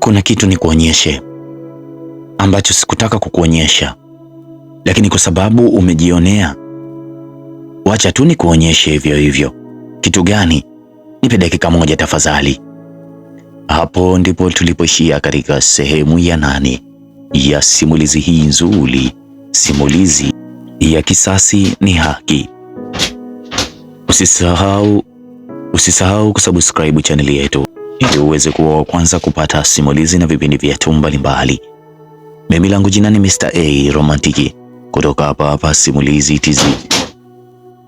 kuna kitu nikuonyeshe ambacho sikutaka kukuonyesha, lakini kwa sababu umejionea, wacha tu nikuonyeshe hivyo hivyo. Kitu gani? Nipe dakika moja tafadhali. Hapo ndipo tulipoishia katika sehemu ya nane ya simulizi hii nzuri, simulizi ya Kisasi ni Haki. Usisahau, usisahau kusubscribe chaneli yetu ili uweze kuwa wa kwanza kupata simulizi na vipindi vyetu mbalimbali. Mimi langu jina ni Mr. A Romantiki kutoka hapa hapa Simulizi Tz.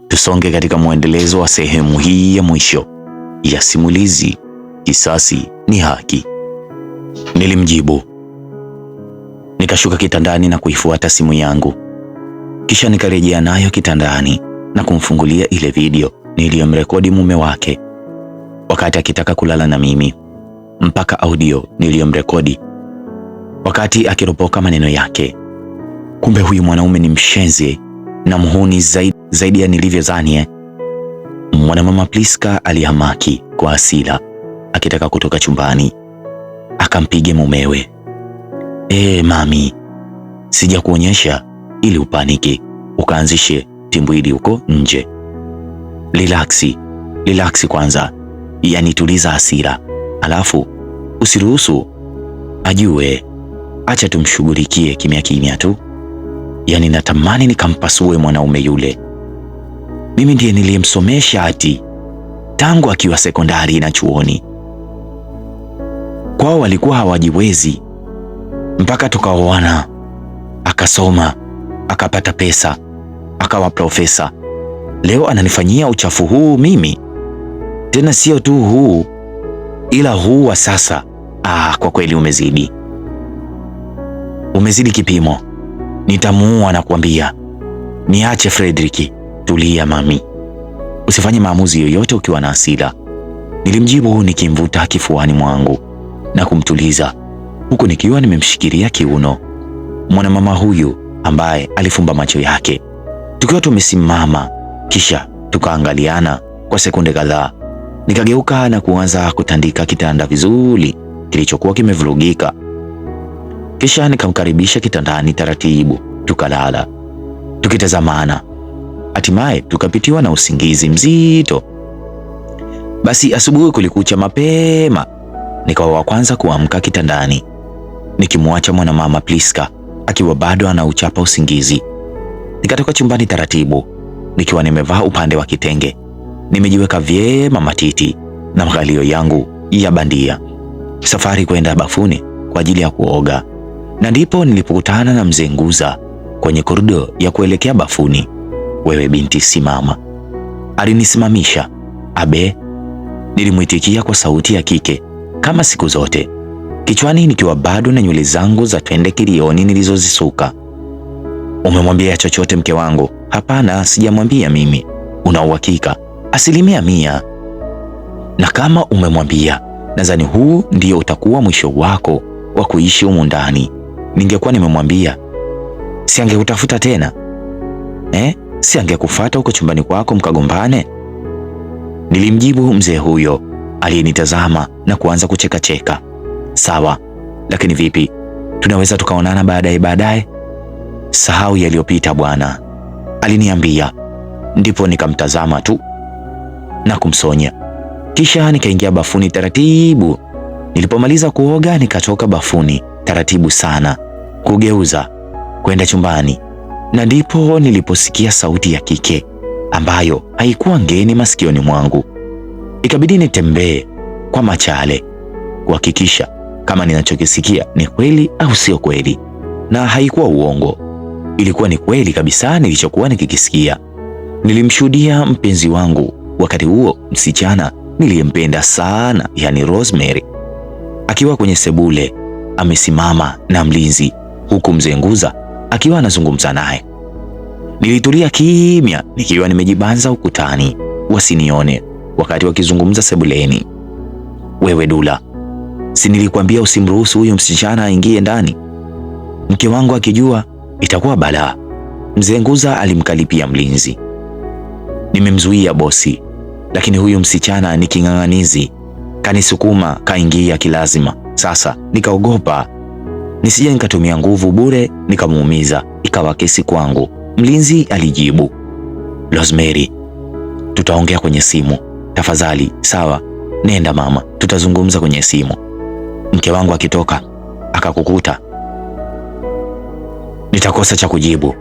Tusonge katika mwendelezo wa sehemu hii ya mwisho ya simulizi Kisasi ni Haki. Nilimjibu, nikashuka kitandani na kuifuata simu yangu, kisha nikarejea nayo kitandani na kumfungulia ile video niliyomrekodi mume wake wakati akitaka kulala na mimi, mpaka audio niliyomrekodi wakati akiropoka maneno yake. Kumbe huyu mwanaume ni mshenzi na mhuni zaidi, zaidi ya nilivyodhani. Mwanamama Priska alihamaki kwa hasira akitaka kutoka chumbani akampiga mumewe. E, mami, sijakuonyesha ili upaniki ukaanzishe timbwili huko nje. lilaksi relaksi kwanza, yanituliza hasira. Alafu usiruhusu ajue, acha tumshughulikie kimya kimya tu. Yaani natamani nikampasue mwanaume yule. Mimi ndiye niliyemsomesha ati tangu akiwa sekondari na chuoni. Kwao walikuwa hawajiwezi mpaka tukaoana, akasoma, akapata pesa, akawa profesa. Leo ananifanyia uchafu huu mimi tena sio tu huu, ila huu wa sasa. Ah, kwa kweli umezidi, umezidi kipimo. Nitamuua na kuambia niache. Frederick, tulia mami, usifanye maamuzi yoyote ukiwa na hasira, nilimjibu nikimvuta kifuani mwangu na kumtuliza huku nikiwa nimemshikilia kiuno mwanamama huyu ambaye alifumba macho yake, tukiwa tumesimama kisha tukaangaliana kwa sekunde kadhaa Nikageuka na kuanza kutandika kitanda vizuri kilichokuwa kimevurugika, kisha nikamkaribisha kitandani taratibu, tukalala tukitazamana. Hatimaye tukapitiwa na usingizi mzito. Basi asubuhi kulikucha mapema, nikawa wa kwanza kuamka kitandani, nikimwacha mwanamama Pliska akiwa bado anauchapa usingizi. Nikatoka chumbani taratibu, nikiwa nimevaa upande wa kitenge nimejiweka vyema matiti na maghalio yangu ya bandia, safari kwenda bafuni kwa ajili ya kuoga, na ndipo nilipokutana na mzee Nguza kwenye korido ya kuelekea bafuni. Wewe binti, simama! Alinisimamisha. Abe, nilimwitikia kwa sauti ya kike kama siku zote, kichwani nikiwa bado na nywele zangu za twende kilioni nilizozisuka. Umemwambia chochote mke wangu? Hapana, sijamwambia. Mimi una uhakika? asilimia mia. Na kama umemwambia, nadhani huu ndio utakuwa mwisho wako wa kuishi humu ndani. Ningekuwa nimemwambia, si angekutafuta tena eh? Si angekufata huko chumbani kwako mkagombane? Nilimjibu mzee huyo aliyenitazama na kuanza kuchekacheka. Sawa, lakini vipi, tunaweza tukaonana baadaye baadaye? Sahau yaliyopita bwana, aliniambia. Ndipo nikamtazama tu na kumsonya, kisha nikaingia bafuni taratibu. Nilipomaliza kuoga nikatoka bafuni taratibu sana, kugeuza kwenda chumbani, na ndipo niliposikia sauti ya kike ambayo haikuwa ngeni masikioni mwangu. Ikabidi nitembee kwa machale kuhakikisha kama ninachokisikia ni kweli au sio kweli, na haikuwa uongo, ilikuwa ni kweli kabisa nilichokuwa nikikisikia. Nilimshuhudia mpenzi wangu Wakati huo msichana niliyempenda sana, yani Rosemary, akiwa kwenye sebule amesimama na mlinzi, huku mzee Nguza akiwa anazungumza naye. Nilitulia kimya nikiwa nimejibanza ukutani wasinione wakati wakizungumza sebuleni. Wewe Dula, si nilikwambia usimruhusu huyu msichana aingie ndani? Mke wangu akijua itakuwa balaa, mzee Nguza alimkalipia mlinzi nimemzuia bosi, lakini huyu msichana ni king'ang'anizi, kanisukuma kaingia kilazima. Sasa nikaogopa nisije nikatumia nguvu bure nikamuumiza, ikawa kesi kwangu. Mlinzi alijibu, Rosemary, tutaongea kwenye simu tafadhali. Sawa, nenda mama, tutazungumza kwenye simu. Mke wangu akitoka akakukuta, nitakosa cha kujibu.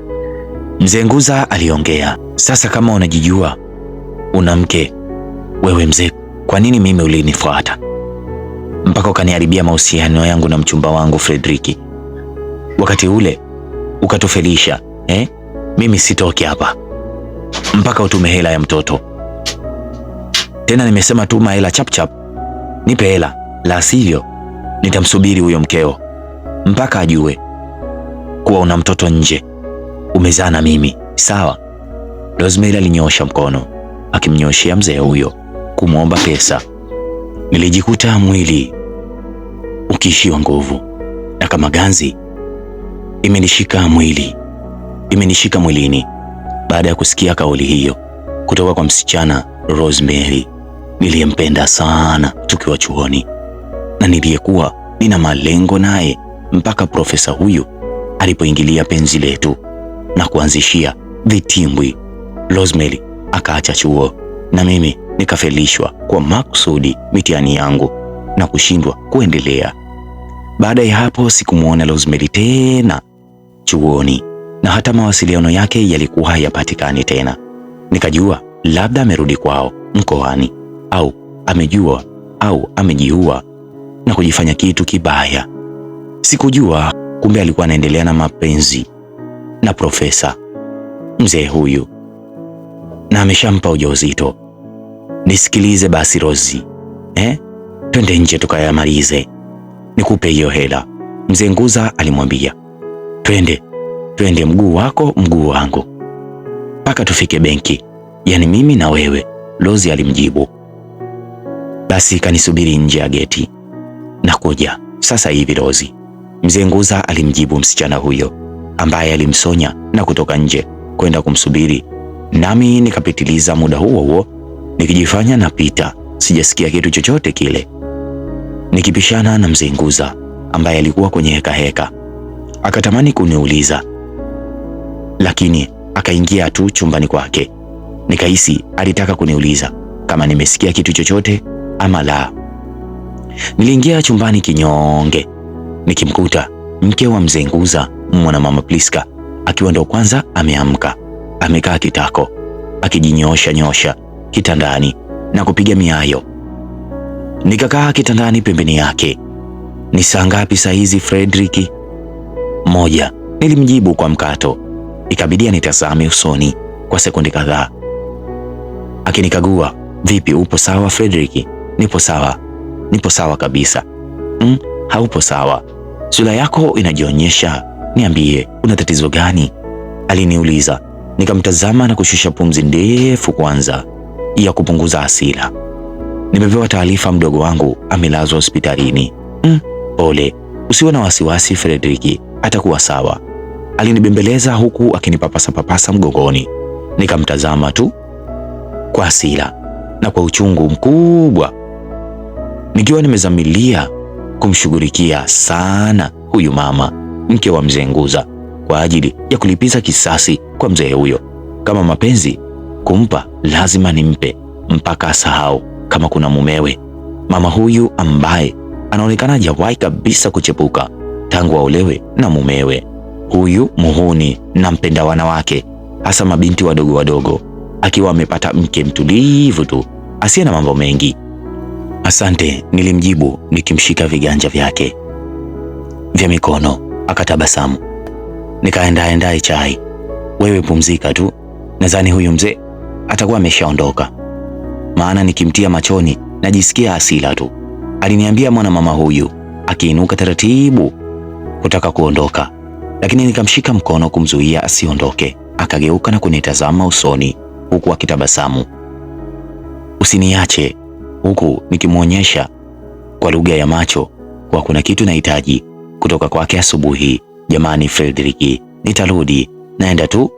Mzee Nguza aliongea, sasa kama unajijua una mke wewe mzee, kwa nini mimi ulinifuata mpaka ukaniharibia mahusiano yangu na mchumba wangu Frederiki? Wakati ule ukatufelisha eh? Mimi sitoki hapa mpaka utume hela ya mtoto. Tena nimesema tuma hela chapchap, nipe hela, la sivyo nitamsubiri huyo mkeo mpaka ajue kuwa una mtoto nje umezaa na mimi sawa? Rosemary alinyoosha mkono akimnyooshea mzee huyo kumwomba pesa. Nilijikuta mwili ukiishiwa nguvu na kama ganzi imenishika mwili imenishika mwilini. Baada ya kusikia kauli hiyo kutoka kwa msichana Rosemary niliyempenda sana tukiwa chuoni na niliyekuwa nina malengo naye mpaka profesa huyu alipoingilia penzi letu na kuanzishia vitimbwi. Rosemary akaacha chuo na mimi nikafelishwa kwa makusudi mitihani yangu na kushindwa kuendelea. Baada ya hapo sikumwona Rosemary tena chuoni na hata mawasiliano yake yalikuwa hayapatikani tena. Nikajua labda amerudi kwao mkoani au amejua au amejiua na kujifanya kitu kibaya. Sikujua kumbe alikuwa anaendelea na mapenzi na profesa mzee huyu, na ameshampa ujauzito. Nisikilize basi Rozi, eh? Twende nje tukayamalize, nikupe hiyo hela. Mzee Nguza alimwambia, twende twende, mguu wako mguu wangu mpaka tufike benki, yaani mimi na wewe, Rozi alimjibu. Basi kanisubiri nje ya geti, nakuja sasa hivi Rozi, mzee Nguza alimjibu msichana huyo ambaye alimsonya na kutoka nje kwenda kumsubiri, nami nikapitiliza muda huo huo nikijifanya napita, sijasikia kitu chochote kile, nikipishana na mzinguza ambaye alikuwa kwenye hekaheka heka. Akatamani kuniuliza lakini akaingia tu chumbani kwake. Nikahisi alitaka kuniuliza kama nimesikia kitu chochote ama la. Niliingia chumbani kinyonge, nikimkuta mke wa mzenguza mwanamama Priska akiwa ndo kwanza ameamka, amekaa kitako akijinyoosha nyosha kitandani na kupiga miayo. Nikakaa kitandani pembeni yake. Ni saa ngapi saa hizi Fredriki? Moja, nilimjibu kwa mkato. Ikabidi anitazame usoni kwa sekunde kadhaa akinikagua. Vipi, upo sawa Fredriki? Nipo sawa, nipo sawa kabisa. Mm, haupo sawa, sura yako inajionyesha niambie, una tatizo gani? aliniuliza. Nikamtazama na kushusha pumzi ndefu kwanza ya kupunguza hasira. Nimepewa taarifa mdogo wangu amelazwa hospitalini. Mm, pole, usiwe na wasiwasi Frederiki, atakuwa sawa, alinibembeleza huku akinipapasa papasa mgongoni. Nikamtazama tu kwa hasira na kwa uchungu mkubwa, nikiwa nimezamilia kumshughulikia sana huyu mama mke wa mzee Nguza kwa ajili ya kulipiza kisasi kwa mzee huyo. Kama mapenzi kumpa, lazima nimpe mpaka asahau kama kuna mumewe. Mama huyu ambaye anaonekana hajawahi kabisa kuchepuka tangu aolewe na mumewe huyu muhuni na mpenda wanawake, hasa mabinti wadogo wadogo, akiwa amepata mke mtulivu tu asiye na mambo mengi. Asante, nilimjibu nikimshika viganja vyake vya mikono akatabasamu. endaye chai, wewe pumzika tu, nadhani huyu mzee atakuwa ameshaondoka, maana nikimtia machoni najisikia hasira tu, aliniambia mwana mama huyu, akiinuka taratibu kutaka kuondoka, lakini nikamshika mkono kumzuia asiondoke. Akageuka na kunitazama usoni, huku akitabasamu. Usiniache, huku nikimwonyesha kwa lugha ya macho kwa kuna kitu nahitaji kutoka kwake asubuhi. Jamani fredriki nitarudi, naenda tu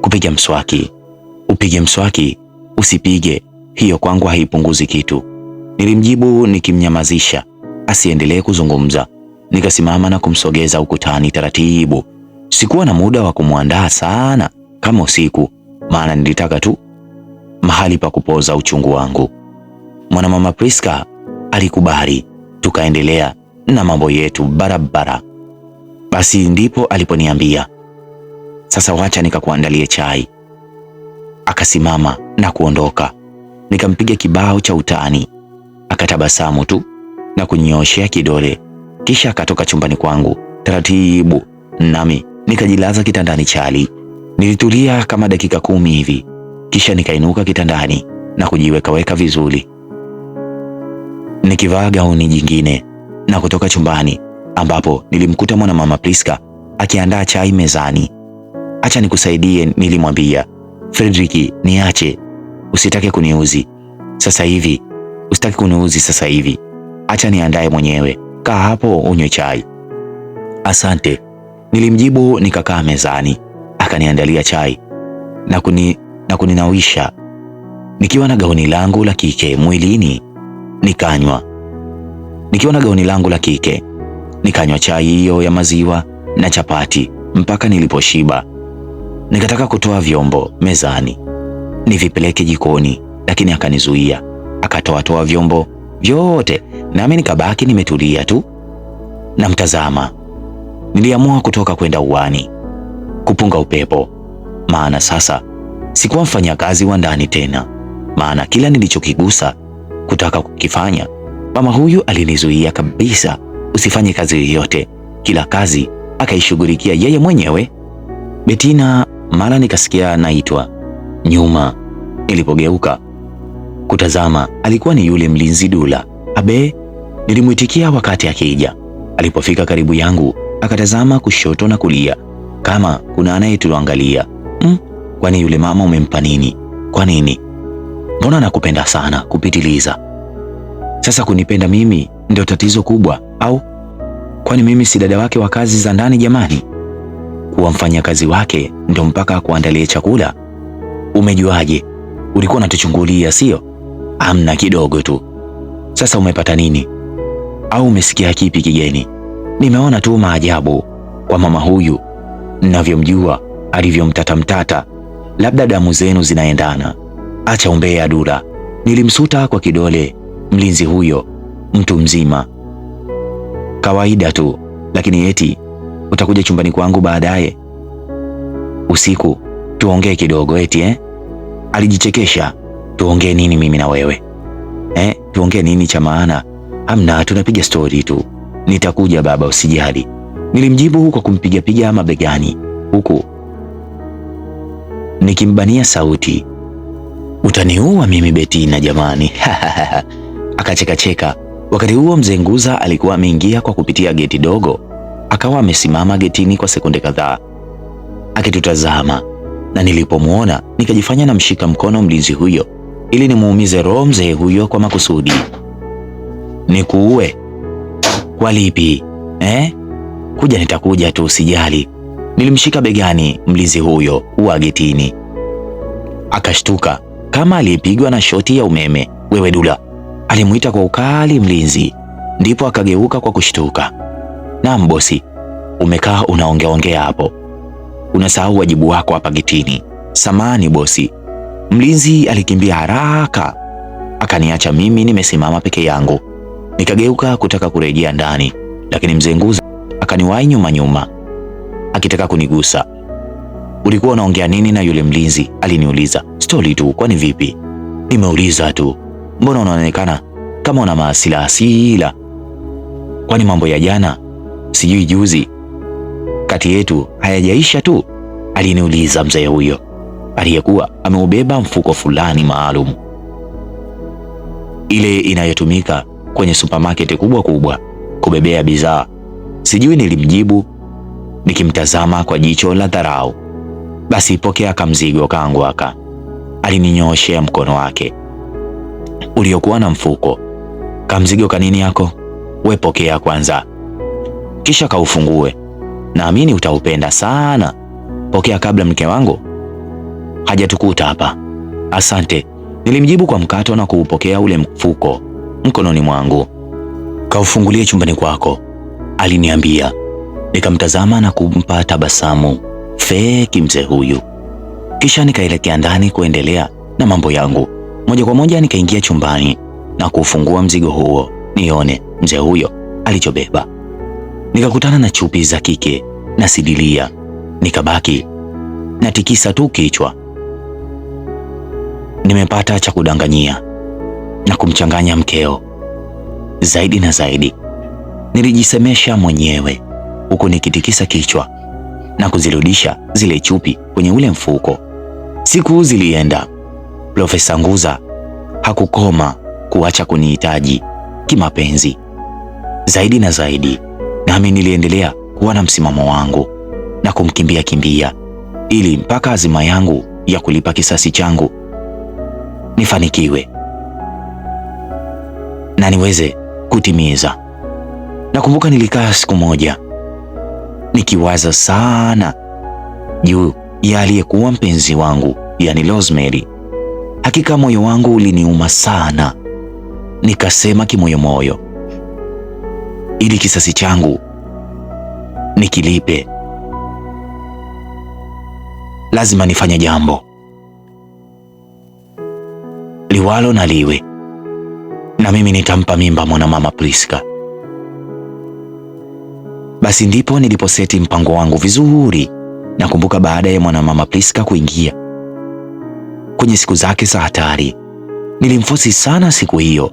kupiga mswaki. Upige mswaki, usipige, hiyo kwangu haipunguzi kitu, nilimjibu nikimnyamazisha asiendelee kuzungumza. Nikasimama na kumsogeza ukutani taratibu. Sikuwa na muda wa kumwandaa sana kama usiku, maana nilitaka tu mahali pa kupoza uchungu wangu. Mwanamama Priska alikubali, tukaendelea na mambo yetu barabara. Basi ndipo aliponiambia sasa, wacha nikakuandalie chai. Akasimama na kuondoka. Nikampiga kibao cha utani, akatabasamu tu na kunyoshea kidole, kisha akatoka chumbani kwangu taratibu, nami nikajilaza kitandani chali. Nilitulia kama dakika kumi hivi, kisha nikainuka kitandani na kujiwekaweka vizuri, nikivaa gauni jingine na kutoka chumbani ambapo nilimkuta mwana mama Priska akiandaa chai mezani. Acha nikusaidie, nilimwambia. Fredriki, niache, usitake kuniuzi sasa hivi, usitake kuniuzi sasa hivi, acha niandaye mwenyewe. Kaa hapo unywe chai. Asante, nilimjibu. Nikakaa mezani, akaniandalia chai na kuni na kuninawisha nikiwa na gauni langu la kike mwilini, nikanywa nikiwa na gauni langu la kike. Nikanywa chai hiyo ya maziwa na chapati mpaka niliposhiba. Nikataka kutoa vyombo mezani nivipeleke jikoni, lakini akanizuia, akatoatoa vyombo vyote, nami nikabaki nimetulia tu namtazama. Niliamua kutoka kwenda uwani kupunga upepo, maana sasa sikuwa mfanyakazi wa ndani tena, maana kila nilichokigusa kutaka kukifanya Mama huyu alinizuia kabisa, usifanye kazi yoyote, kila kazi akaishughulikia yeye mwenyewe. Betina, mara nikasikia naitwa nyuma. Nilipogeuka kutazama, alikuwa ni yule mlinzi Dula. Abe, nilimwitikia wakati akija. Alipofika karibu yangu, akatazama kushoto na kulia kama kuna anayetuangalia. Mm, kwani yule mama umempa nini? Kwa nini? Mbona nakupenda sana kupitiliza? Sasa kunipenda mimi ndio tatizo kubwa au? Kwani mimi si dada wake wa kazi za ndani jamani? Kuwa mfanyakazi wake ndio mpaka akuandalie chakula? Umejuaje? Ulikuwa unatuchungulia sio? Amna kidogo tu. Sasa umepata nini? Au umesikia kipi kigeni? Nimeona tu maajabu kwa mama huyu, ninavyomjua alivyomtatamtata. Labda damu zenu zinaendana. Acha umbea Dula, nilimsuta kwa kidole mlinzi huyo mtu mzima kawaida tu, lakini eti utakuja chumbani kwangu baadaye usiku tuongee kidogo eti eh? Alijichekesha. tuongee nini mimi na wewe eh? tuongee nini cha maana? Hamna, tunapiga stori tu. Nitakuja baba, usijali, nilimjibu kwa kumpigapiga begani, huku nikimbania sauti, utaniua mimi Betina jamani akachekacheka. Wakati huo mzee Nguza alikuwa ameingia kwa kupitia geti dogo, akawa amesimama getini kwa sekunde kadhaa akitutazama, na nilipomwona nikajifanya namshika mkono mlinzi huyo ili nimuumize roho mzee huyo kwa makusudi. Nikuue kwa lipi eh? Kuja, nitakuja tu, usijali. Nilimshika begani mlinzi huyo wa getini, akashtuka kama aliyepigwa na shoti ya umeme. Wewe dula, alimwita kwa ukali mlinzi, ndipo akageuka kwa kushtuka. Naam bosi, umekaa unaongeaongea hapo, unasahau wajibu wako hapa getini. Samani bosi. Mlinzi alikimbia haraka akaniacha mimi nimesimama peke yangu. Nikageuka kutaka kurejea ndani, lakini mzee Nguza akaniwahi nyuma nyuma akitaka kunigusa. Ulikuwa unaongea nini na yule mlinzi? Aliniuliza. Stori tu. Kwani vipi? Nimeuliza tu mbona unaonekana kama una maasila asila? Kwani mambo ya jana sijui juzi kati yetu hayajaisha tu? aliniuliza mzee huyo aliyekuwa ameubeba mfuko fulani maalum, ile inayotumika kwenye supamaketi kubwa kubwa kubebea bidhaa. Sijui nilimjibu nikimtazama kwa jicho la dharau. Basi pokea kamzigo kangu aka, alininyooshea mkono wake uliokuwa na mfuko. Kamzigo kanini yako wepokea kwanza, kisha kaufungue. Naamini utaupenda sana. Pokea kabla mke wangu hajatukuta hapa. Asante, nilimjibu kwa mkato na kuupokea ule mfuko mkononi mwangu. Kaufungulie chumbani kwako, aliniambia. Nikamtazama na kumpa tabasamu feki mzee huyu, kisha nikaelekea ndani kuendelea na mambo yangu. Moja kwa moja nikaingia chumbani na kuufungua mzigo huo nione mzee huyo alichobeba. Nikakutana na chupi za kike na sidilia, nikabaki na tikisa tu kichwa. Nimepata cha kudanganyia na kumchanganya mkeo zaidi na zaidi, nilijisemesha mwenyewe huku nikitikisa kichwa na kuzirudisha zile chupi kwenye ule mfuko. Siku zilienda, Profesa Nguza hakukoma kuacha kunihitaji kimapenzi zaidi na zaidi, nami niliendelea kuwa na msimamo wangu na kumkimbia kimbia ili mpaka azima yangu ya kulipa kisasi changu nifanikiwe na niweze kutimiza. Nakumbuka nilikaa siku moja nikiwaza sana juu ya aliyekuwa mpenzi wangu, yani Rosemary Hakika moyo wangu uliniuma sana, nikasema kimoyomoyo, ili kisasi changu nikilipe, lazima nifanye jambo liwalo na liwe, na mimi nitampa mimba mwanamama Priska. Basi ndipo niliposeti mpango wangu vizuri. Nakumbuka baada ya mwanamama Priska kuingia kwenye siku zake za hatari. Nilimfosi sana siku hiyo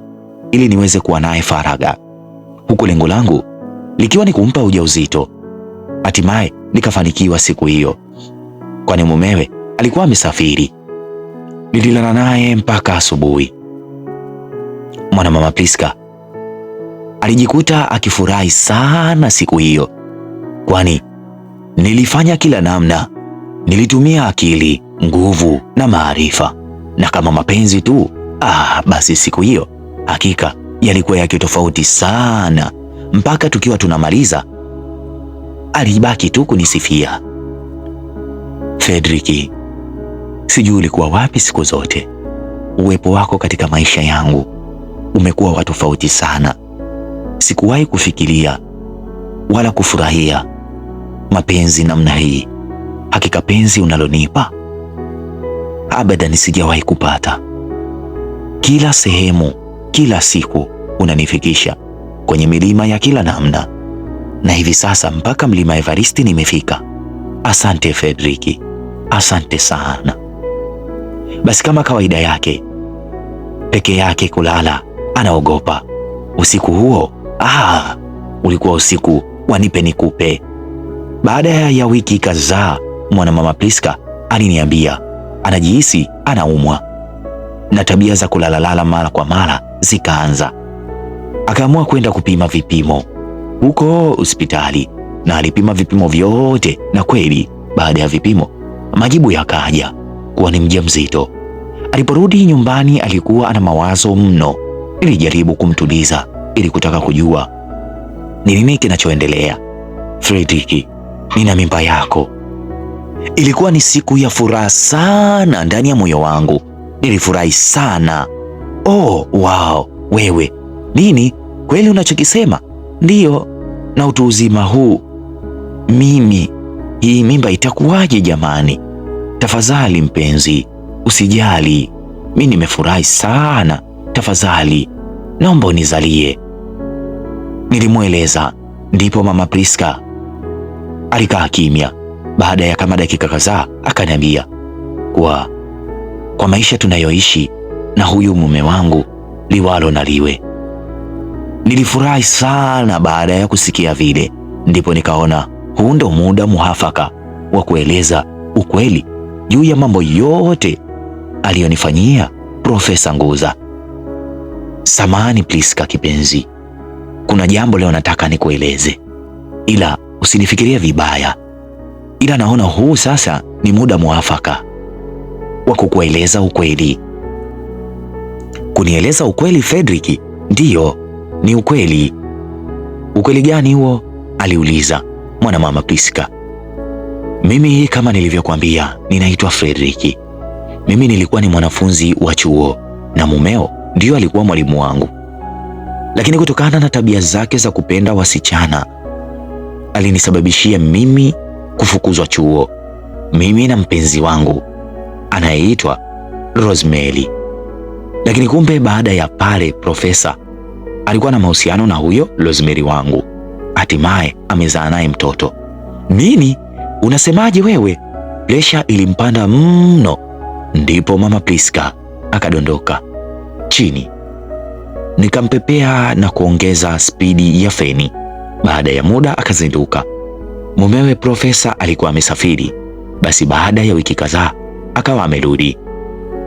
ili niweze kuwa naye faraga, huku lengo langu likiwa ni kumpa ujauzito. Hatimaye nikafanikiwa siku hiyo, kwani mumewe alikuwa amesafiri. Nililala naye mpaka asubuhi. Mwanamama Priska alijikuta akifurahi sana siku hiyo, kwani nilifanya kila namna, nilitumia akili, nguvu na maarifa, na kama mapenzi tu ah, basi siku hiyo hakika yalikuwa yake tofauti sana. Mpaka tukiwa tunamaliza, alibaki tu kunisifia Fredriki, sijui ulikuwa wapi siku zote. Uwepo wako katika maisha yangu umekuwa wa tofauti sana. Sikuwahi kufikiria wala kufurahia mapenzi namna hii. Hakika penzi unalonipa abadan sijawahi kupata. Kila sehemu, kila siku unanifikisha kwenye milima ya kila namna, na hivi sasa mpaka mlima Evaristi nimefika. Asante Fredriki, asante sana. Basi kama kawaida yake peke yake kulala, anaogopa usiku huo. Ah, ulikuwa usiku wanipe nikupe. Baada ya wiki kadhaa, mwanamama Priska aliniambia anajihisi anaumwa na tabia za kulalalala mara kwa mara zikaanza. Akaamua kwenda kupima vipimo huko hospitali na alipima vipimo vyote, na kweli baada ya vipimo majibu yakaja kuwa ni mjamzito. Aliporudi nyumbani, alikuwa ana mawazo mno. Nilijaribu kumtuliza ili kutaka kujua ni nini kinachoendelea. Fredrick, nina mimba yako, Ilikuwa ni siku ya furaha sana ndani ya moyo wangu, nilifurahi sana. Oh, wow, wewe nini kweli unachokisema? Ndiyo, na utu uzima huu mimi, hii mimba itakuwaje jamani? Tafadhali mpenzi, usijali, mi nimefurahi sana, tafadhali naomba unizalie, nilimweleza. Ndipo mama Priska alikaa kimya. Baada ya kama dakika kadhaa akaniambia kuwa kwa maisha tunayoishi na huyu mume wangu liwalo na liwe. Nilifurahi sana baada ya kusikia vile, ndipo nikaona huu ndo muda muhafaka wa kueleza ukweli juu ya mambo yote aliyonifanyia Profesa Nguza. Samahani Priska kipenzi, kuna jambo leo nataka nikueleze, ila usinifikirie vibaya ila naona huu sasa ni muda mwafaka wa kukueleza ukweli. Kunieleza ukweli, Fredrick? Ndiyo, ni ukweli. Ukweli gani huo? aliuliza mwanamama Priska. Mimi kama nilivyokuambia, ninaitwa Fredrick. Mimi nilikuwa ni mwanafunzi wa chuo na mumeo ndiyo alikuwa mwalimu wangu, lakini kutokana na tabia zake za kupenda wasichana alinisababishia mimi kufukuzwa chuo, mimi na mpenzi wangu anayeitwa Rosemary. Lakini kumbe baada ya pale, profesa alikuwa na mahusiano na huyo Rosemary wangu, hatimaye amezaa naye mtoto. Nini unasemaje wewe? Presha ilimpanda mno, ndipo mama Priska akadondoka chini. Nikampepea na kuongeza spidi ya feni. Baada ya muda akazinduka. Mumewe Profesa alikuwa amesafiri, basi baada ya wiki kadhaa akawa amerudi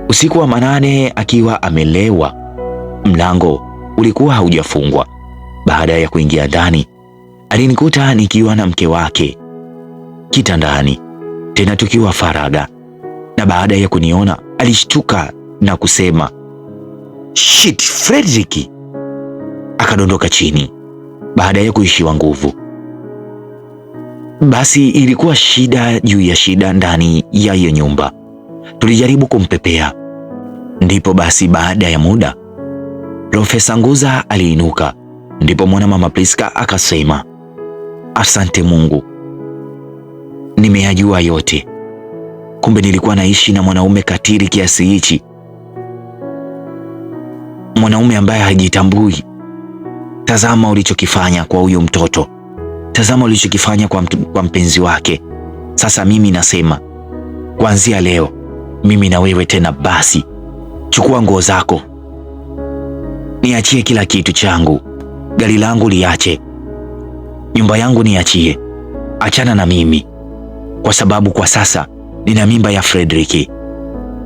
usiku wa manane akiwa amelewa. Mlango ulikuwa haujafungwa. Baada ya kuingia ndani, alinikuta nikiwa na mke wake kitandani, tena tukiwa faraga, na baada ya kuniona alishtuka na kusema Shit, Fredrick! Akadondoka chini baada ya kuishiwa nguvu. Basi ilikuwa shida juu ya shida ndani ya hiyo nyumba. Tulijaribu kumpepea. Ndipo basi baada ya muda Profesa Nguza aliinuka, ndipo mwana mama Priska akasema, asante Mungu, nimeyajua yote. Kumbe nilikuwa naishi na mwanaume katiri kiasi hichi, mwanaume ambaye hajitambui. Tazama ulichokifanya kwa huyu mtoto. Tazama ulichokifanya kwa, kwa mpenzi wake. Sasa mimi nasema kuanzia leo mimi na wewe tena basi. Chukua nguo zako, niachie kila kitu changu, gari langu liache, nyumba yangu niachie, achana na mimi kwa sababu kwa sasa nina mimba ya Frederiki.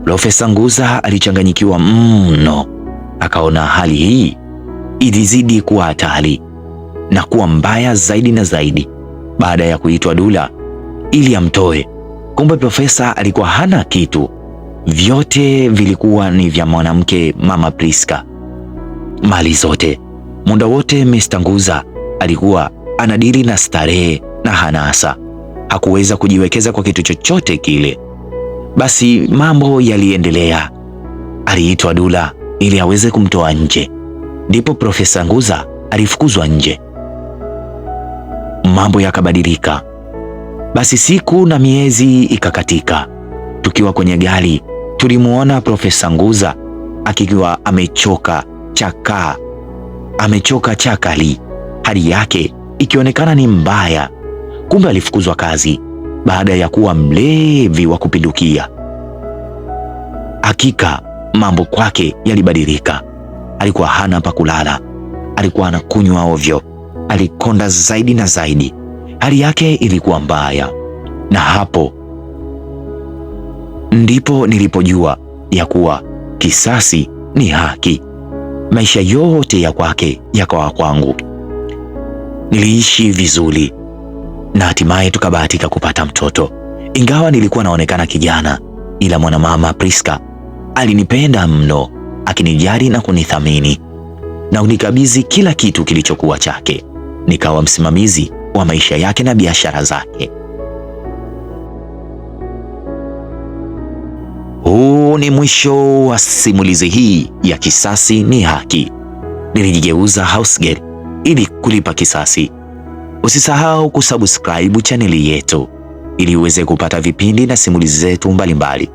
Profesa Nguza alichanganyikiwa mno, akaona hali hii ilizidi kuwa hatari na kuwa mbaya zaidi na zaidi baada ya kuitwa Dula ili amtoe. Kumbe Profesa alikuwa hana kitu, vyote vilikuwa ni vya mwanamke Mama Priska, mali zote. Muda wote Mr. Nguza alikuwa anadili na starehe na hanasa, hakuweza kujiwekeza kwa kitu chochote kile. Basi mambo yaliendelea. Aliitwa Dula ili aweze kumtoa nje, ndipo Profesa Nguza alifukuzwa nje mambo yakabadilika. Basi siku na miezi ikakatika. Tukiwa kwenye gari, tulimuona Profesa Nguza akiwa amechoka chaka, amechoka chakali, hali yake ikionekana ni mbaya. Kumbe alifukuzwa kazi baada ya kuwa mlevi wa kupindukia. Hakika mambo kwake yalibadilika. Alikuwa hana pa kulala, alikuwa anakunywa ovyo, alikonda zaidi na zaidi. Hali yake ilikuwa mbaya, na hapo ndipo nilipojua ya kuwa kisasi ni haki. Maisha yote ya kwake yakawa kwangu. Niliishi vizuri na hatimaye tukabahatika kupata mtoto. Ingawa nilikuwa naonekana kijana, ila mwanamama Priska alinipenda mno, akinijali na kunithamini na unikabidhi kila kitu kilichokuwa chake nikawa msimamizi wa maisha yake na biashara zake. Huu ni mwisho wa simulizi hii ya Kisasi ni Haki. Nilijigeuza house girl ili kulipa kisasi. Usisahau kusubscribe chaneli yetu ili uweze kupata vipindi na simulizi zetu mbalimbali.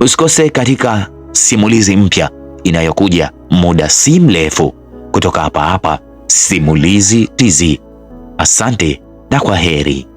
Usikose katika simulizi mpya inayokuja muda si mrefu kutoka hapa hapa Simulizi Tz. Asante na kwa heri.